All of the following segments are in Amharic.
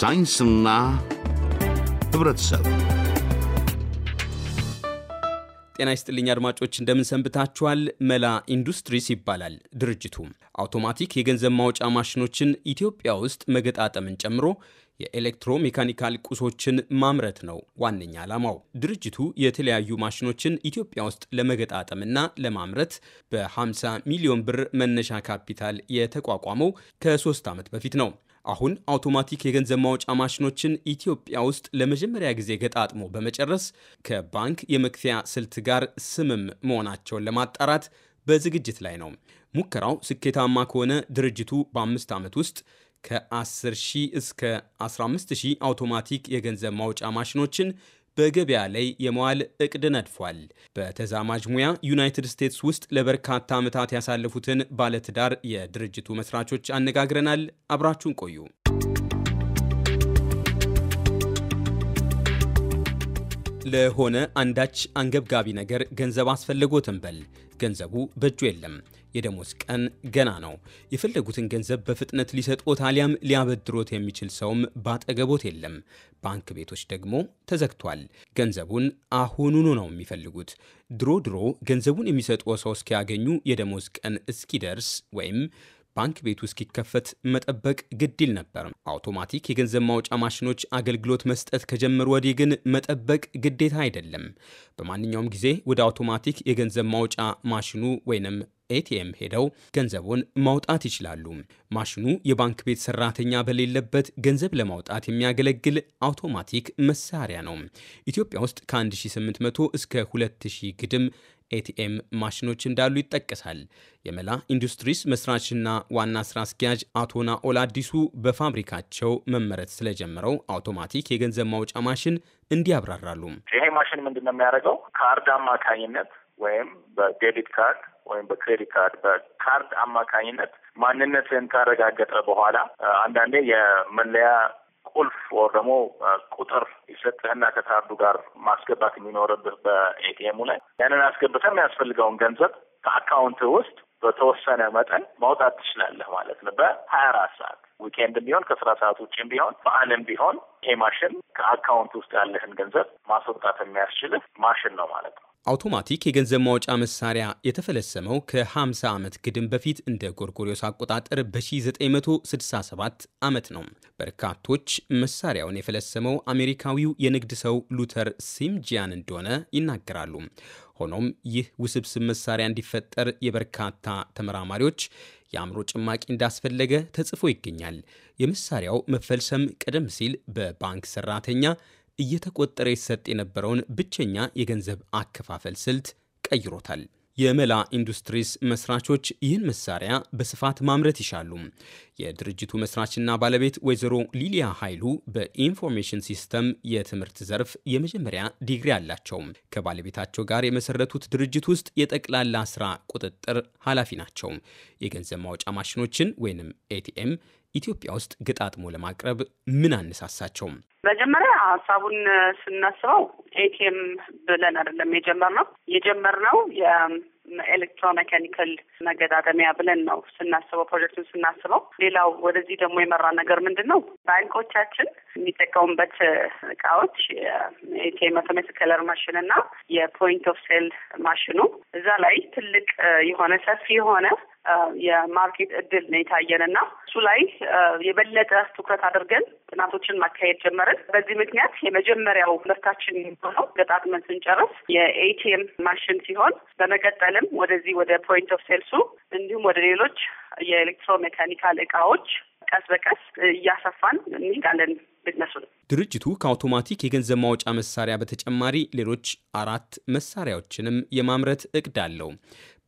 ሳይንስና ህብረተሰብ ጤና ይስጥልኝ አድማጮች፣ እንደምንሰንብታችኋል። መላ ኢንዱስትሪስ ይባላል ድርጅቱ። አውቶማቲክ የገንዘብ ማውጫ ማሽኖችን ኢትዮጵያ ውስጥ መገጣጠምን ጨምሮ የኤሌክትሮሜካኒካል ቁሶችን ማምረት ነው ዋነኛ ዓላማው። ድርጅቱ የተለያዩ ማሽኖችን ኢትዮጵያ ውስጥ ለመገጣጠምና ለማምረት በ50 ሚሊዮን ብር መነሻ ካፒታል የተቋቋመው ከሶስት ዓመት በፊት ነው። አሁን አውቶማቲክ የገንዘብ ማውጫ ማሽኖችን ኢትዮጵያ ውስጥ ለመጀመሪያ ጊዜ ገጣጥሞ በመጨረስ ከባንክ የመክፈያ ስልት ጋር ስምም መሆናቸውን ለማጣራት በዝግጅት ላይ ነው። ሙከራው ስኬታማ ከሆነ ድርጅቱ በአምስት ዓመት ውስጥ ከ10 ሺህ እስከ 15 ሺህ አውቶማቲክ የገንዘብ ማውጫ ማሽኖችን በገበያ ላይ የመዋል እቅድ ነድፏል። በተዛማጅ ሙያ ዩናይትድ ስቴትስ ውስጥ ለበርካታ ዓመታት ያሳለፉትን ባለትዳር የድርጅቱ መስራቾች አነጋግረናል። አብራችሁን ቆዩ። ለሆነ አንዳች አንገብጋቢ ነገር ገንዘብ አስፈልጎትን በል ገንዘቡ በእጁ የለም። የደሞዝ ቀን ገና ነው። የፈለጉትን ገንዘብ በፍጥነት ሊሰጥዎት አሊያም ሊያበድሮት የሚችል ሰውም ባጠገቦት የለም። ባንክ ቤቶች ደግሞ ተዘግቷል። ገንዘቡን አሁኑኑ ነው የሚፈልጉት። ድሮ ድሮ ገንዘቡን የሚሰጥዎ ሰው እስኪያገኙ የደሞዝ ቀን እስኪደርስ ወይም ባንክ ቤቱ እስኪከፈት መጠበቅ ግድ ይል ነበር። አውቶማቲክ የገንዘብ ማውጫ ማሽኖች አገልግሎት መስጠት ከጀመሩ ወዲህ ግን መጠበቅ ግዴታ አይደለም። በማንኛውም ጊዜ ወደ አውቶማቲክ የገንዘብ ማውጫ ማሽኑ ወይንም ኤቲኤም ሄደው ገንዘቡን ማውጣት ይችላሉ። ማሽኑ የባንክ ቤት ሰራተኛ በሌለበት ገንዘብ ለማውጣት የሚያገለግል አውቶማቲክ መሳሪያ ነው። ኢትዮጵያ ውስጥ ከ1800 እስከ 2000 ግድም ኤቲኤም ማሽኖች እንዳሉ ይጠቀሳል። የመላ ኢንዱስትሪስ መስራችና ዋና ስራ አስኪያጅ አቶ ናኦል አዲሱ በፋብሪካቸው መመረት ስለጀመረው አውቶማቲክ የገንዘብ ማውጫ ማሽን እንዲህ ያብራራሉ። ይሄ ማሽን ምንድን ነው የሚያደርገው? ካርድ አማካኝነት ወይም በዴቢት ካርድ ወይም በክሬዲት ካርድ በካርድ አማካኝነት ማንነትን ካረጋገጠ በኋላ አንዳንዴ የመለያ ቁልፍ ወር ደግሞ ቁጥር ይሰጥህና ከካርዱ ጋር ማስገባት የሚኖርብህ በኤቲኤሙ ላይ ያንን አስገብተህ የሚያስፈልገውን ገንዘብ ከአካውንት ውስጥ በተወሰነ መጠን ማውጣት ትችላለህ ማለት ነው። በሀያ አራት ሰዓት ዊኬንድ ቢሆን ከስራ ሰዓት ውጭም ቢሆን በዓለም ቢሆን ይሄ ማሽን ከአካውንት ውስጥ ያለህን ገንዘብ ማስወጣት የሚያስችልህ ማሽን ነው ማለት ነው። አውቶማቲክ የገንዘብ ማውጫ መሳሪያ የተፈለሰመው ከ50 ዓመት ግድም በፊት እንደ ጎርጎሪዮስ አቆጣጠር በ1967 ዓመት ነው። በርካቶች መሳሪያውን የፈለሰመው አሜሪካዊው የንግድ ሰው ሉተር ሲምጂያን እንደሆነ ይናገራሉ። ሆኖም ይህ ውስብስብ መሳሪያ እንዲፈጠር የበርካታ ተመራማሪዎች የአእምሮ ጭማቂ እንዳስፈለገ ተጽፎ ይገኛል። የመሳሪያው መፈልሰም ቀደም ሲል በባንክ ሰራተኛ እየተቆጠረ ይሰጥ የነበረውን ብቸኛ የገንዘብ አከፋፈል ስልት ቀይሮታል። የመላ ኢንዱስትሪስ መስራቾች ይህን መሳሪያ በስፋት ማምረት ይሻሉ። የድርጅቱ መስራችና ባለቤት ወይዘሮ ሊሊያ ኃይሉ በኢንፎርሜሽን ሲስተም የትምህርት ዘርፍ የመጀመሪያ ዲግሪ አላቸው። ከባለቤታቸው ጋር የመሰረቱት ድርጅት ውስጥ የጠቅላላ ስራ ቁጥጥር ኃላፊ ናቸው። የገንዘብ ማውጫ ማሽኖችን ወይንም ኤቲኤም ኢትዮጵያ ውስጥ ገጣጥሞ ለማቅረብ ምን አነሳሳቸው? መጀመሪያ ሀሳቡን ስናስበው ኤቲኤም ብለን አይደለም የጀመርነው የጀመርነው ኤሌክትሮሜካኒካል መገጣጠሚያ ብለን ነው ስናስበው፣ ፕሮጀክቱን ስናስበው። ሌላው ወደዚህ ደግሞ የመራ ነገር ምንድን ነው? ባንኮቻችን የሚጠቀሙበት እቃዎች የኤቲኤም አውቶሜትድ ከለር ማሽን እና የፖይንት ኦፍ ሴል ማሽኑ እዛ ላይ ትልቅ የሆነ ሰፊ የሆነ የማርኬት እድል ነው የታየን እና እሱ ላይ የበለጠ ትኩረት አድርገን ጥናቶችን ማካሄድ ጀመርን። በዚህ ምክንያት የመጀመሪያው ምርታችን የሚሆነው ገጣጥመን ስንጨርስ የኤቲኤም ማሽን ሲሆን በመቀጠልም ወደዚህ ወደ ፖይንት ኦፍ ሴልሱ እንዲሁም ወደ ሌሎች የኤሌክትሮሜካኒካል እቃዎች ቀስ በቀስ እያሰፋን እንሄዳለን። ድርጅቱ ከአውቶማቲክ የገንዘብ ማውጫ መሳሪያ በተጨማሪ ሌሎች አራት መሳሪያዎችንም የማምረት እቅድ አለው።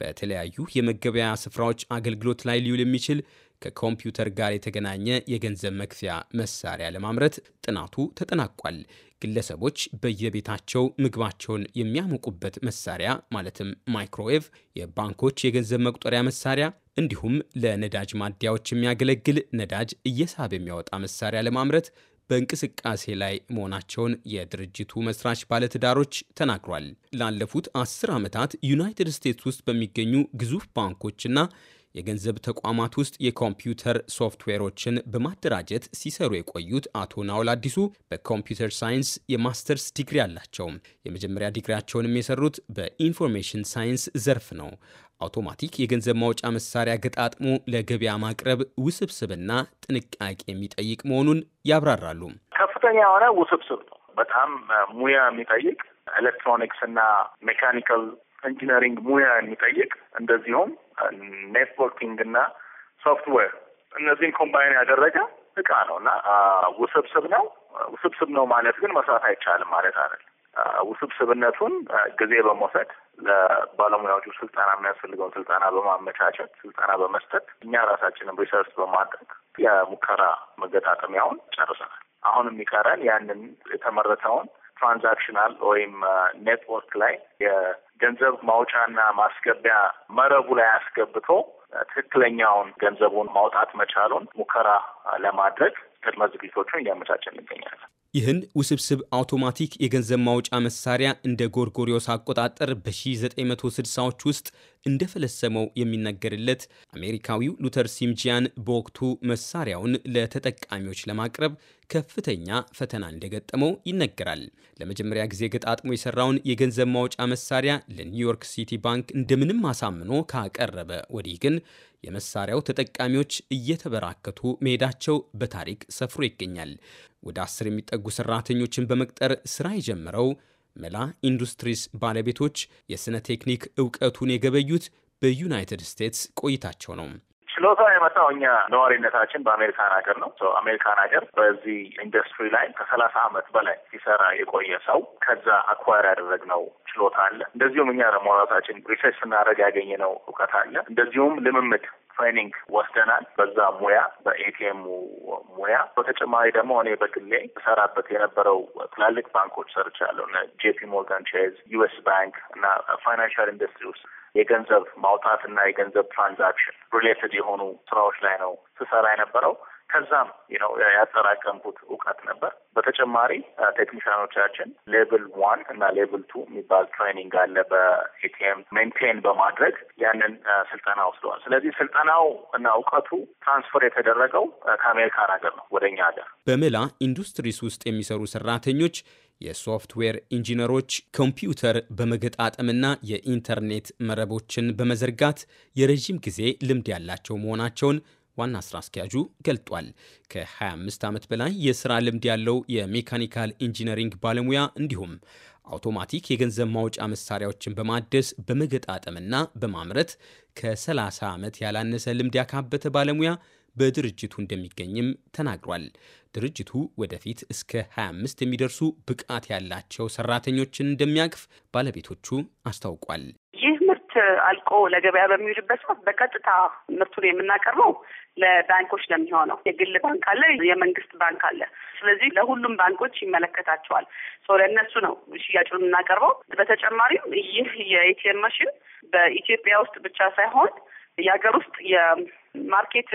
በተለያዩ የመገበያ ስፍራዎች አገልግሎት ላይ ሊውል የሚችል ከኮምፒውተር ጋር የተገናኘ የገንዘብ መክፊያ መሳሪያ ለማምረት ጥናቱ ተጠናቋል። ግለሰቦች በየቤታቸው ምግባቸውን የሚያሞቁበት መሳሪያ ማለትም ማይክሮዌቭ፣ የባንኮች የገንዘብ መቁጠሪያ መሳሪያ እንዲሁም ለነዳጅ ማደያዎች የሚያገለግል ነዳጅ እየሳብ የሚያወጣ መሳሪያ ለማምረት በእንቅስቃሴ ላይ መሆናቸውን የድርጅቱ መስራች ባለትዳሮች ተናግሯል። ላለፉት አስር ዓመታት ዩናይትድ ስቴትስ ውስጥ በሚገኙ ግዙፍ ባንኮችና የገንዘብ ተቋማት ውስጥ የኮምፒውተር ሶፍትዌሮችን በማደራጀት ሲሰሩ የቆዩት አቶ ናውል አዲሱ በኮምፒውተር ሳይንስ የማስተርስ ዲግሪ አላቸው። የመጀመሪያ ዲግሪያቸውንም የሰሩት በኢንፎርሜሽን ሳይንስ ዘርፍ ነው። አውቶማቲክ የገንዘብ ማውጫ መሳሪያ ገጣጥሞ ለገበያ ማቅረብ ውስብስብና ጥንቃቄ የሚጠይቅ መሆኑን ያብራራሉ። ከፍተኛ የሆነ ውስብስብ ነው። በጣም ሙያ የሚጠይቅ ኤሌክትሮኒክስ እና ሜካኒካል ኢንጂነሪንግ ሙያ የሚጠይቅ እንደዚሁም ኔትወርኪንግ እና ሶፍትዌር እነዚህን ኮምባይን ያደረገ እቃ ነው እና ውስብስብ ነው። ውስብስብ ነው ማለት ግን መስራት አይቻልም ማለት አይደል። ውስብስብነቱን ጊዜ በመውሰድ ለባለሙያዎቹ ስልጠና የሚያስፈልገውን ስልጠና በማመቻቸት ስልጠና በመስጠት እኛ ራሳችንን ሪሰርች በማድረግ የሙከራ መገጣጠሚያውን ጨርሰናል። አሁን የሚቀረን ያንን የተመረተውን ትራንዛክሽናል ወይም ኔትወርክ ላይ የገንዘብ ማውጫና ማስገቢያ መረቡ ላይ አስገብቶ ትክክለኛውን ገንዘቡን ማውጣት መቻሉን ሙከራ ለማድረግ ቅድመ ዝግጅቶቹን እያመቻቸን እንገኛለን። ይህን ውስብስብ አውቶማቲክ የገንዘብ ማውጫ መሳሪያ እንደ ጎርጎሪዮስ አቆጣጠር በ1960ዎች ውስጥ እንደፈለሰመው የሚነገርለት አሜሪካዊው ሉተር ሲምጂያን በወቅቱ መሳሪያውን ለተጠቃሚዎች ለማቅረብ ከፍተኛ ፈተና እንደገጠመው ይነገራል። ለመጀመሪያ ጊዜ ገጣጥሞ የሰራውን የገንዘብ ማውጫ መሳሪያ ለኒውዮርክ ሲቲ ባንክ እንደምንም አሳምኖ ካቀረበ ወዲህ ግን የመሳሪያው ተጠቃሚዎች እየተበራከቱ መሄዳቸው በታሪክ ሰፍሮ ይገኛል። ወደ አስር የሚጠጉ ሰራተኞችን በመቅጠር ስራ የጀመረው መላ ኢንዱስትሪስ ባለቤቶች የሥነ ቴክኒክ እውቀቱን የገበዩት በዩናይትድ ስቴትስ ቆይታቸው ነው። ችሎታ የመጣው እኛ ነዋሪነታችን በአሜሪካን ሀገር ነው። አሜሪካን ሀገር በዚህ ኢንዱስትሪ ላይ ከሰላሳ ዓመት በላይ ሲሰራ የቆየ ሰው ከዛ አኳር ያደረግነው ችሎታ አለ። እንደዚሁም እኛ ደግሞ ራሳችን ሪሰርች ስናደርግ ያገኘነው እውቀት አለ። እንደዚሁም ልምምድ ትሬኒንግ ወስደናል። በዛ ሙያ በኤቲኤም ሙያ በተጨማሪ ደግሞ እኔ በግሌ ሰራበት የነበረው ትላልቅ ባንኮች ሰርቻለሁ። ጄፒ ሞርጋን ቼዝ፣ ዩኤስ ባንክ እና ፋይናንሻል ኢንዱስትሪ ውስጥ የገንዘብ ማውጣት እና የገንዘብ ትራንዛክሽን ሪሌትድ የሆኑ ስራዎች ላይ ነው ስሰራ የነበረው። ከዛም ነው ያጠራቀምኩት እውቀት ነበር። በተጨማሪ uh, ቴክኒሽያኖቻችን ሌቭል ዋን እና ሌቭል ቱ የሚባል ትሬኒንግ አለ በኤቲኤም ሜንቴን በማድረግ ያንን uh, ስልጠና ወስደዋል። ስለዚህ ስልጠናው እና እውቀቱ ትራንስፈር የተደረገው uh, ከአሜሪካን ሀገር ነው ወደ እኛ ሀገር። በምላ ኢንዱስትሪስ ውስጥ የሚሰሩ ሰራተኞች የሶፍትዌር ኢንጂነሮች ኮምፒውተር በመገጣጠምና የኢንተርኔት መረቦችን በመዘርጋት የረዥም ጊዜ ልምድ ያላቸው መሆናቸውን ዋና ስራ አስኪያጁ ገልጧል። ከ25 ዓመት በላይ የስራ ልምድ ያለው የሜካኒካል ኢንጂነሪንግ ባለሙያ እንዲሁም አውቶማቲክ የገንዘብ ማውጫ መሳሪያዎችን በማደስ በመገጣጠምና በማምረት ከ30 ዓመት ያላነሰ ልምድ ያካበተ ባለሙያ በድርጅቱ እንደሚገኝም ተናግሯል። ድርጅቱ ወደፊት እስከ 25 የሚደርሱ ብቃት ያላቸው ሰራተኞችን እንደሚያቅፍ ባለቤቶቹ አስታውቋል። ምርት አልቆ ለገበያ በሚውልበት ሰዓት በቀጥታ ምርቱን የምናቀርበው ለባንኮች ነው የሚሆነው። የግል ባንክ አለ፣ የመንግስት ባንክ አለ። ስለዚህ ለሁሉም ባንኮች ይመለከታቸዋል። ሰው ለእነሱ ነው ሽያጩን የምናቀርበው። በተጨማሪም ይህ የኤቲኤም መሽን በኢትዮጵያ ውስጥ ብቻ ሳይሆን የሀገር ውስጥ የማርኬት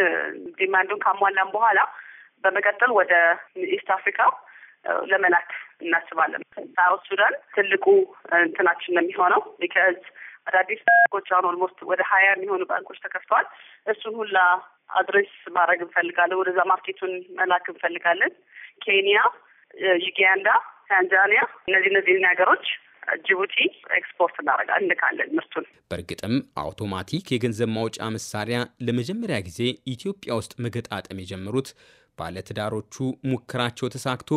ዲማንዱን ካሟላን በኋላ በመቀጠል ወደ ኢስት አፍሪካ ለመላክ እናስባለን። ሳውት ሱዳን ትልቁ እንትናችን ነው የሚሆነው ቢካዝ አዳዲስ ባንኮች አሁን ኦልሞስት ወደ ሀያ የሚሆኑ ባንኮች ተከፍተዋል። እሱን ሁላ አድሬስ ማድረግ እንፈልጋለን። ወደዛ ማርኬቱን መላክ እንፈልጋለን። ኬንያ፣ ዩጋንዳ፣ ታንዛኒያ እነዚህ እነዚህን ሀገሮች ጅቡቲ ኤክስፖርት እናደርጋለን እንልካለን ምርቱን። በእርግጥም አውቶማቲክ የገንዘብ ማውጫ መሳሪያ ለመጀመሪያ ጊዜ ኢትዮጵያ ውስጥ መገጣጠም የጀመሩት ባለትዳሮቹ ሙከራቸው ተሳክቶ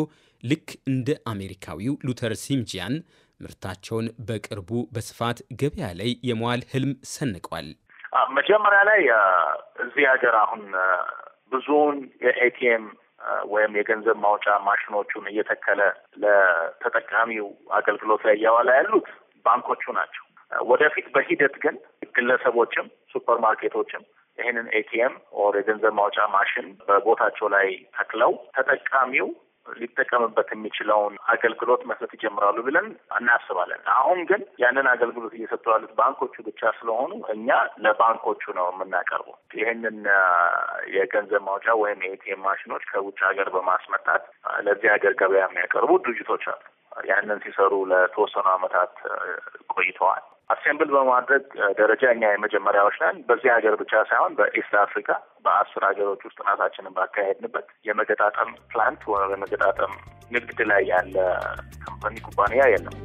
ልክ እንደ አሜሪካዊው ሉተር ሲምጂያን ምርታቸውን በቅርቡ በስፋት ገበያ ላይ የመዋል ህልም ሰንቋል። መጀመሪያ ላይ እዚህ ሀገር አሁን ብዙውን የኤቲኤም ወይም የገንዘብ ማውጫ ማሽኖቹን እየተከለ ለተጠቃሚው አገልግሎት ላይ እያዋላ ያሉት ባንኮቹ ናቸው። ወደፊት በሂደት ግን ግለሰቦችም ሱፐር ማርኬቶችም ይህንን ኤቲኤም ኦር የገንዘብ ማውጫ ማሽን በቦታቸው ላይ ተክለው ተጠቃሚው ሊጠቀምበት የሚችለውን አገልግሎት መስጠት ይጀምራሉ ብለን እናስባለን። አሁን ግን ያንን አገልግሎት እየሰጡ ያሉት ባንኮቹ ብቻ ስለሆኑ እኛ ለባንኮቹ ነው የምናቀርበው። ይህንን የገንዘብ ማውጫ ወይም የኤቲኤም ማሽኖች ከውጭ ሀገር በማስመጣት ለዚህ ሀገር ገበያ የሚያቀርቡ ድርጅቶች አሉ። ያንን ሲሰሩ ለተወሰኑ ዓመታት ቆይተዋል። አሴምብል በማድረግ ደረጃ እኛ የመጀመሪያዎች ነን። በዚህ ሀገር ብቻ ሳይሆን በኢስት አፍሪካ በአስር ሀገሮች ውስጥ ራሳችንን ባካሄድንበት የመገጣጠም ፕላንት ወይም የመገጣጠም ንግድ ላይ ያለ ካምፓኒ ኩባንያ የለም።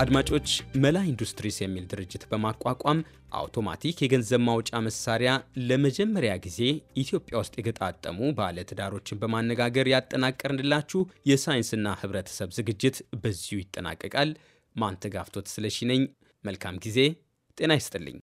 አድማጮች መላ ኢንዱስትሪስ የሚል ድርጅት በማቋቋም አውቶማቲክ የገንዘብ ማውጫ መሳሪያ ለመጀመሪያ ጊዜ ኢትዮጵያ ውስጥ የገጣጠሙ ባለ ትዳሮችን በማነጋገር ያጠናቀርንላችሁ የሳይንስና ሕብረተሰብ ዝግጅት በዚሁ ይጠናቀቃል። ማንተጋፍቶት ስለሺ ነኝ። መልካም ጊዜ። ጤና ይስጥልኝ።